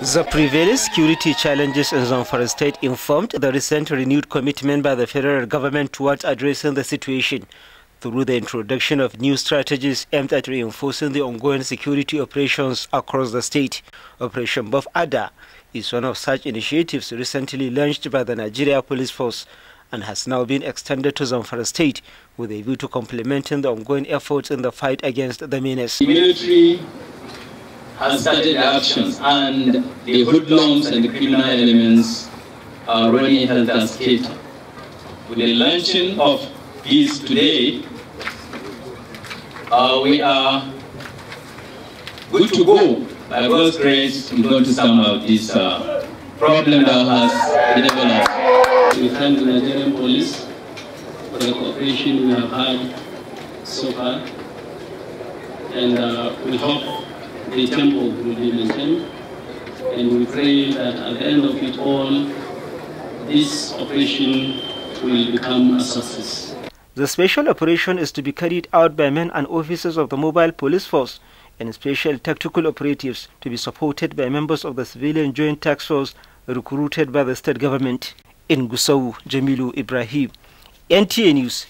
The prevailing security challenges in Zamfara state informed the recent renewed commitment by the federal government towards addressing the situation through the introduction of new strategies aimed at reinforcing the ongoing security operations across the state. Operation Buff Ada is one of such initiatives recently launched by the Nigeria Police Force and has now been extended to Zamfara state with a view to complementing the ongoing efforts in the fight against the menace. The military has started the actions, and the hoodlums and the criminal elements are running us skelter. With the launching of this today, uh, we are good to go. By God's grace, we're going to sum up this uh, problem that has developed. We thank the Nigerian police for the cooperation we have had so far, and uh, we hope the temple will be maintained. And we pray that at the end of it all, this operation will become a success. The special operation is to be carried out by men and officers of the mobile police force and special tactical operatives to be supported by members of the civilian joint task force recruited by the state government. In Gusau, Jamilu Ibrahim, NTA News,